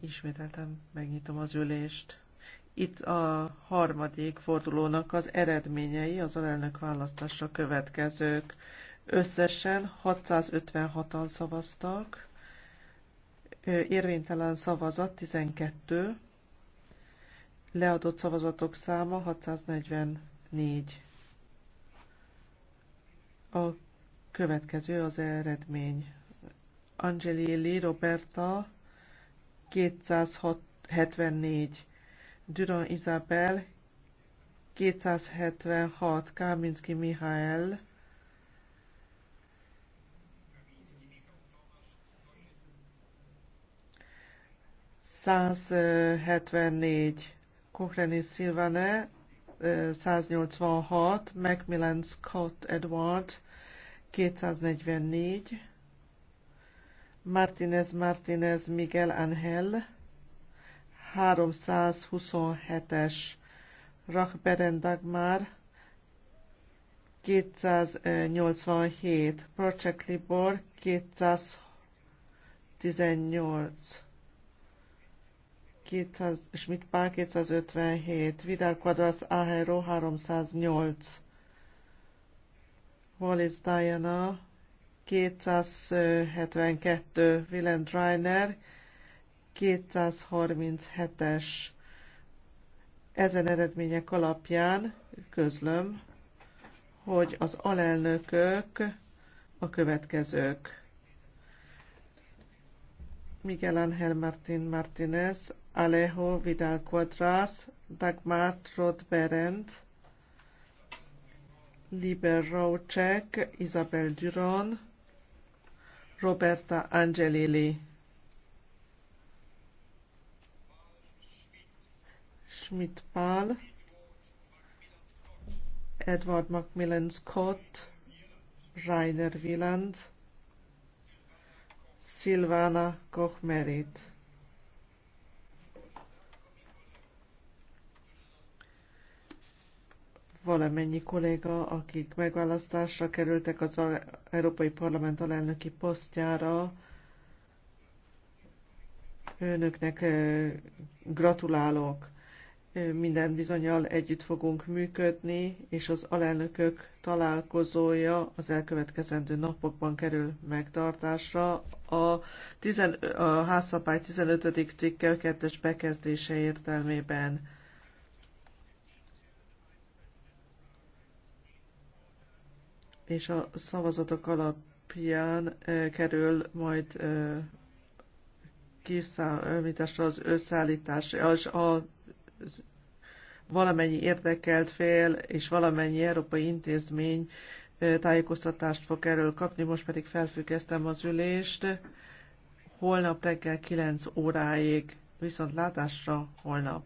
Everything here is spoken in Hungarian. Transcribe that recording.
Ismételtem, megnyitom az ülést. Itt a harmadik fordulónak az eredményei az alelnök választásra következők. Összesen 656-an szavaztak, érvénytelen szavazat 12, leadott szavazatok száma 644. A következő az eredmény. Angelili Roberta 274, Duran Izabel 276, Kaminski Mihály 174, Cochrane Silvane, 186, Macmillan Scott Edward, 244, Martínez Martínez Miguel Angel 327-es Rachberen Dagmar 287 Project Libor 218 200, Schmidt Pál 257, Vidal Quadras Ahero 308, Wallis Diana 272 Willem Reiner, 237-es ezen eredmények alapján közlöm, hogy az alelnökök a következők. Miguel Ángel Martín Martínez, Alejo Vidal Quadras, Dagmar Roth Berend, Liber Rócsek, Isabel Duron, Roberta Angelilli. Schmidt Pál, Edward Macmillan Scott, Rainer Wieland, Silvana Kochmerit. valamennyi kolléga, akik megválasztásra kerültek az Európai Parlament alelnöki posztjára, önöknek gratulálok. Minden bizonyal együtt fogunk működni, és az alelnökök találkozója az elkövetkezendő napokban kerül megtartásra. A, 10, a házszabály 15. cikke 2 bekezdése értelmében és a szavazatok alapján kerül majd kiszámításra az összeállítás, az a valamennyi érdekelt fél és valamennyi európai intézmény tájékoztatást fog erről kapni, most pedig felfüggesztem az ülést holnap reggel 9 óráig, viszont látásra holnap.